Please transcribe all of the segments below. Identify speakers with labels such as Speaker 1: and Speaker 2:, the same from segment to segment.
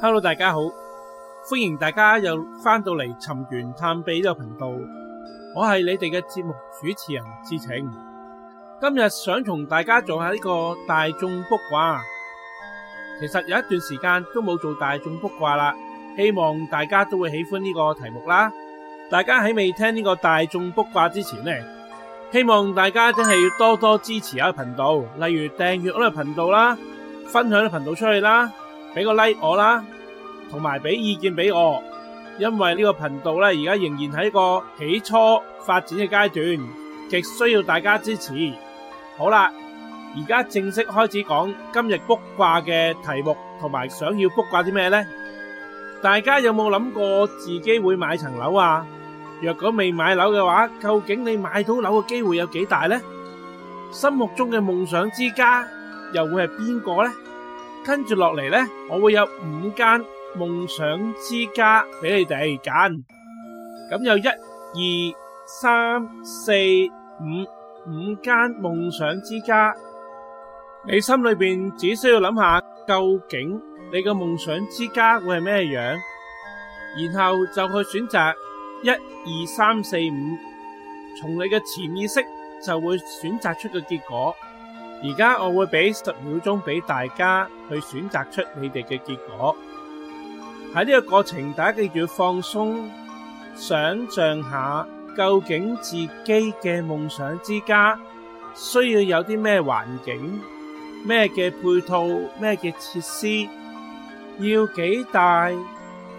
Speaker 1: Hello，大家好，歡迎大家又翻到嚟尋源探秘呢個頻道，我係你哋嘅節目主持人智澄。今日想同大家做下呢個大眾卜卦，其實有一段時間都冇做大眾卜卦啦，希望大家都會喜歡呢個題目啦。大家喺未聽呢個大眾卜卦之前咧，希望大家真係要多多支持下頻道，例如訂閱我哋頻道啦，分享個頻道出去啦。俾個 like 我啦，同埋俾意見俾我，因為呢個頻道咧而家仍然喺一個起初發展嘅階段，極需要大家支持。好啦，而家正式開始講今日卜卦嘅題目，同埋想要卜卦啲咩咧？大家有冇諗過自己會買層樓啊？若果未買樓嘅話，究竟你買到樓嘅機會有幾大咧？心目中嘅夢想之家又會係邊個咧？跟住落嚟咧，我會有五間夢想之家俾你哋揀，咁有一二三四五五間夢想之家，你心裏邊只需要諗下，究竟你個夢想之家會係咩樣，然後就去選擇一二三四五，從你嘅潛意識就會選擇出個結果。而家我會俾十秒鐘俾大家去選擇出你哋嘅結果。喺呢個過程，大家記住要放鬆，想象下究竟自己嘅夢想之家需要有啲咩環境、咩嘅配套、咩嘅設施，要幾大、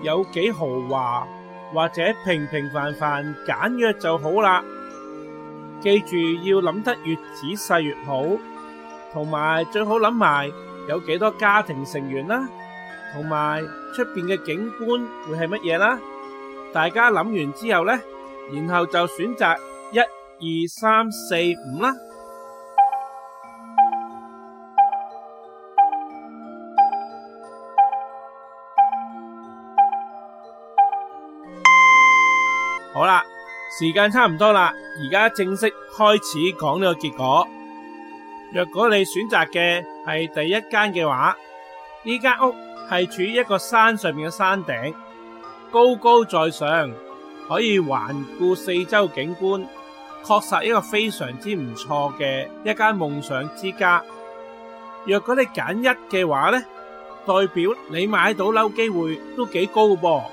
Speaker 1: 有幾豪華，或者平平凡凡簡約就好啦。記住要諗得越仔細越好。同埋最好諗埋有幾多家庭成員啦，同埋出邊嘅景觀會係乜嘢啦？大家諗完之後咧，然後就選擇一二三四五啦。好啦，時間差唔多啦，而家正式開始講呢個結果。若果你選擇嘅係第一間嘅話，呢間屋係處於一個山上面嘅山頂，高高在上，可以環顧四周景觀，確實一個非常之唔錯嘅一間夢想之家。若果你揀一嘅話，呢代表你買到樓機會都幾高噃。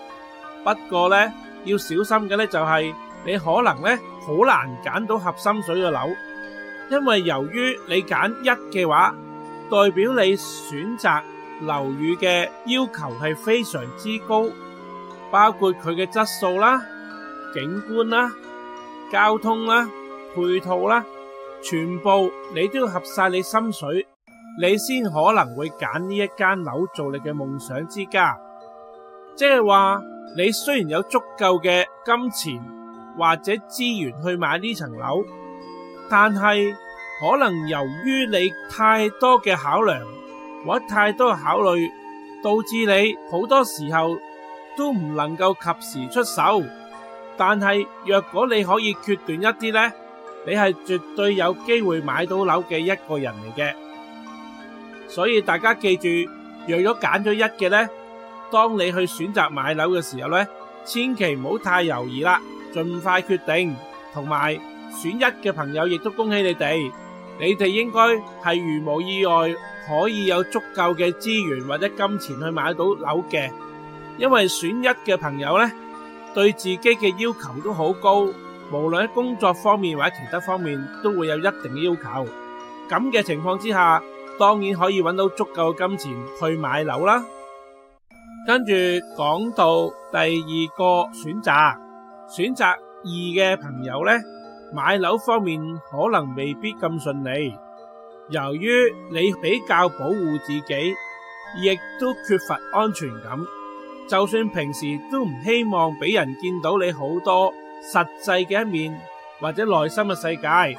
Speaker 1: 不過呢，要小心嘅呢就係你可能呢好難揀到合心水嘅樓。因為由於你揀一嘅話，代表你選擇樓宇嘅要求係非常之高，包括佢嘅質素啦、景觀啦、交通啦、配套啦，全部你都要合晒你心水，你先可能會揀呢一間樓做你嘅夢想之家。即係話，你雖然有足夠嘅金錢或者資源去買呢層樓。但係可能由於你太多嘅考量或者太多考慮，導致你好多時候都唔能夠及時出手。但係若果你可以決斷一啲咧，你係絕對有機會買到樓嘅一個人嚟嘅。所以大家記住，若果揀咗一嘅咧，當你去選擇買樓嘅時候咧，千祈唔好太猶豫啦，盡快決定同埋。選一嘅朋友亦都恭喜你哋，你哋應該係如無意外可以有足夠嘅資源或者金錢去買到樓嘅，因為選一嘅朋友呢，對自己嘅要求都好高，無論工作方面或者其他方面都會有一定嘅要求。咁嘅情況之下，當然可以搵到足夠嘅金錢去買樓啦。跟住講到第二個選擇，選擇二嘅朋友呢。買樓方面可能未必咁順利，由於你比較保護自己，亦都缺乏安全感，就算平時都唔希望俾人見到你好多實際嘅一面或者內心嘅世界，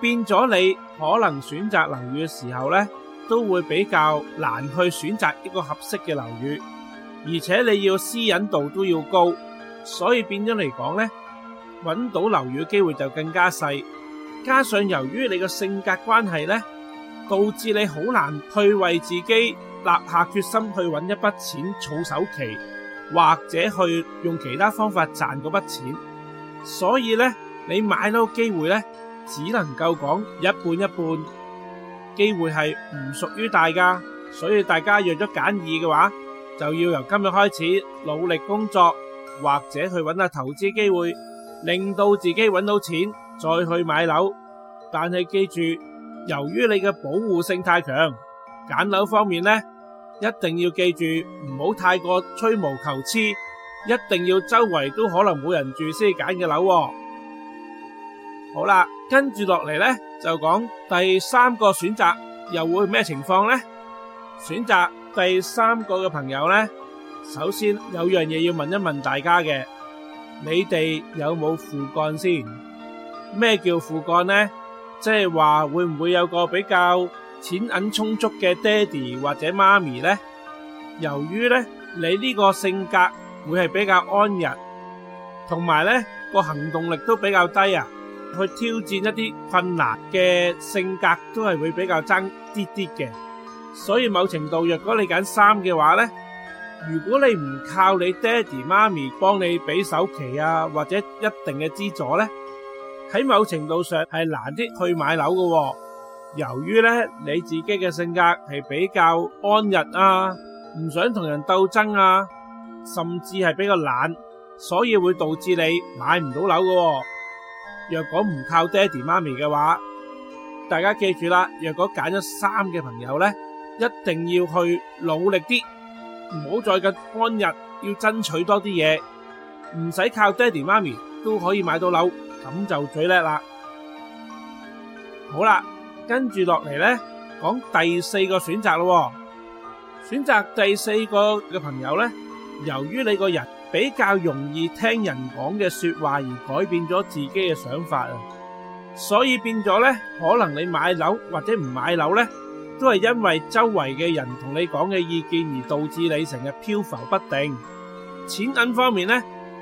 Speaker 1: 變咗你可能選擇樓宇嘅時候呢，都會比較難去選擇一個合適嘅樓宇，而且你要私隱度都要高，所以變咗嚟講呢。搵到樓宇嘅機會就更加細，加上由於你個性格關係咧，導致你好難去為自己，立下決心去搵一筆錢儲首期，或者去用其他方法賺嗰筆錢。所以咧，你買樓機會咧，只能夠講一半一半，機會係唔屬於大家。所以大家若咗揀二嘅話，就要由今日開始努力工作，或者去搵下投資機會。令到自己揾到錢再去買樓，但係記住，由於你嘅保護性太強，揀樓方面咧，一定要記住唔好太過吹毛求疵，一定要周圍都可能冇人住先揀嘅樓。好啦，跟住落嚟咧就講第三個選擇，又會咩情況咧？選擇第三個嘅朋友咧，首先有樣嘢要問一問大家嘅。你哋有冇父幹先？咩叫父幹呢？即係話會唔會有個比較錢銀充足嘅爹哋或者媽咪呢？由於呢，你呢個性格會係比較安逸，同埋呢個行動力都比較低啊，去挑戰一啲困難嘅性格都係會比較爭啲啲嘅。所以某程度若果你揀三嘅話呢？如果你唔靠你爹哋媽咪幫你俾首期啊，或者一定嘅資助咧，喺某程度上係難啲去買樓㗎喎。由於咧，你自己嘅性格係比較安逸啊，唔想同人鬥爭啊，甚至係比較懶，所以會導致你買唔到樓㗎喎。若果唔靠爹哋媽咪嘅話，大家記住啦，若果揀咗三嘅朋友咧，一定要去努力啲。唔好再咁安逸，要爭取多啲嘢，唔使靠爹哋媽咪都可以買到樓，咁就最叻啦。好啦，跟住落嚟咧，講第四個選擇咯。選擇第四個嘅朋友咧，由於你個人比較容易聽人講嘅說話而改變咗自己嘅想法啊，所以變咗咧，可能你買樓或者唔買樓咧，都係因為周圍嘅人同你講嘅意見而導致你成日漂浮不定。錢銀方面呢，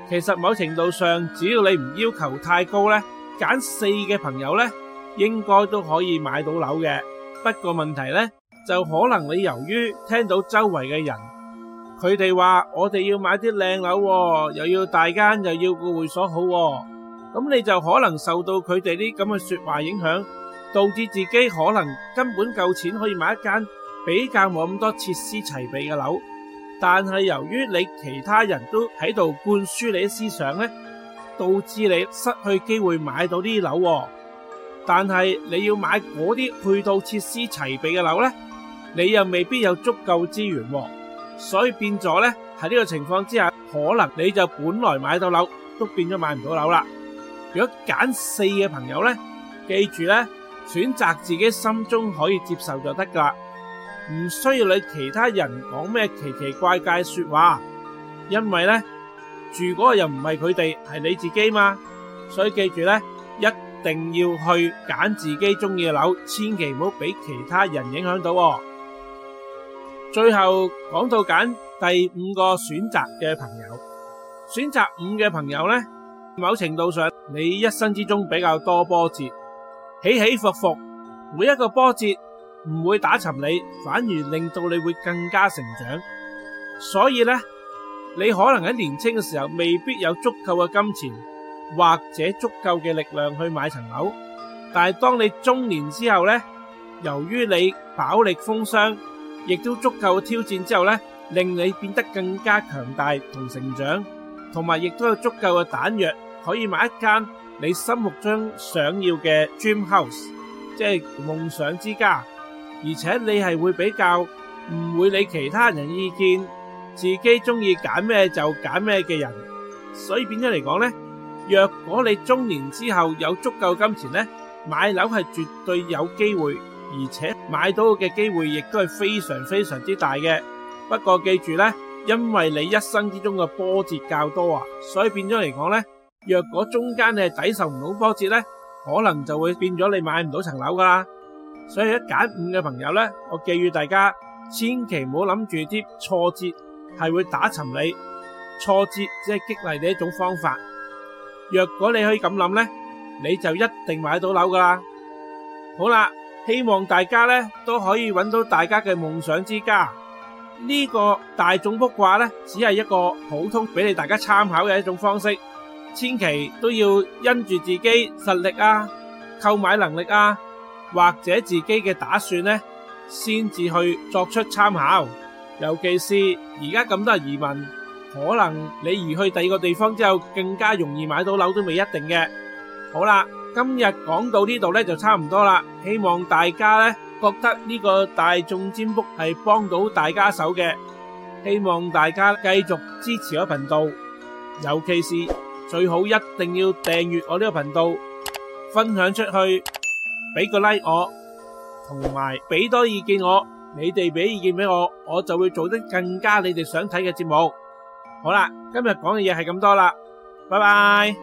Speaker 1: 其實某程度上，只要你唔要求太高呢，揀四嘅朋友呢應該都可以買到樓嘅。不過問題呢，就可能你由於聽到周圍嘅人，佢哋話我哋要買啲靚樓，又要大間，又要個會所好，咁你就可能受到佢哋啲咁嘅說話影響。導致自己可能根本夠錢可以買一間比較冇咁多設施齊備嘅樓，但係由於你其他人都喺度灌輸你啲思想咧，導致你失去機會買到啲樓。但係你要買嗰啲配套設施齊備嘅樓咧，你又未必有足夠資源，所以變咗咧，喺呢個情況之下，可能你就本來買到樓都變咗買唔到樓啦。如果揀四嘅朋友咧，記住咧。選擇自己心中可以接受就得噶喇，唔需要你其他人講咩奇奇怪怪說話，因為咧住嗰個又唔係佢哋，係你自己嘛，所以記住咧，一定要去揀自己鍾意嘅樓，千祈唔好俾其他人影響到。最後講到揀第五個選擇嘅朋友，選擇五嘅朋友咧，某程度上你一生之中比較多波折。起起伏伏，每一個波折唔會打沉你，反而令到你會更加成長。所以咧，你可能喺年輕嘅時候未必有足夠嘅金錢或者足夠嘅力量去買層樓，但係當你中年之後咧，由於你飽歷風霜，亦都足夠嘅挑戰之後咧，令你變得更加強大同成長，同埋亦都有足夠嘅彈藥可以買一間。你心目中想要嘅 dream house，即係夢想之家，而且你係會比較唔會理其他人意見，自己中意揀咩就揀咩嘅人，所以變咗嚟講咧，若果你中年之後有足夠金錢咧，買樓係絕對有機會，而且買到嘅機會亦都係非常非常之大嘅。不過記住咧，因為你一生之中嘅波折較多啊，所以變咗嚟講咧。若果中間你係抵受唔到波折咧，可能就會變咗你買唔到層樓噶啦。所以一揀五嘅朋友咧，我寄予大家千祈唔好諗住啲挫折係會打沉你，挫折只係激勵你一種方法。若果你可以咁諗咧，你就一定買到樓噶啦。好啦，希望大家咧都可以揾到大家嘅夢想之家。呢個大眾卜卦咧，只係一個普通俾你大家參考嘅一種方式。千祈都要因住自己實力啊、購買能力啊，或者自己嘅打算呢，先至去作出參考。尤其是而家咁多係移民，可能你移去第二個地方之後，更加容易買到樓都未一定嘅。好啦，今日講到呢度呢就差唔多啦。希望大家呢覺得呢個大眾占卜係幫到大家手嘅，希望大家繼續支持我頻道，尤其是。最好一定要訂閱我呢個頻道，分享出去，俾個 like 我，同埋俾多意見我。你哋俾意見俾我，我就會做得更加你哋想睇嘅節目。好啦，今日講嘅嘢係咁多啦，拜拜。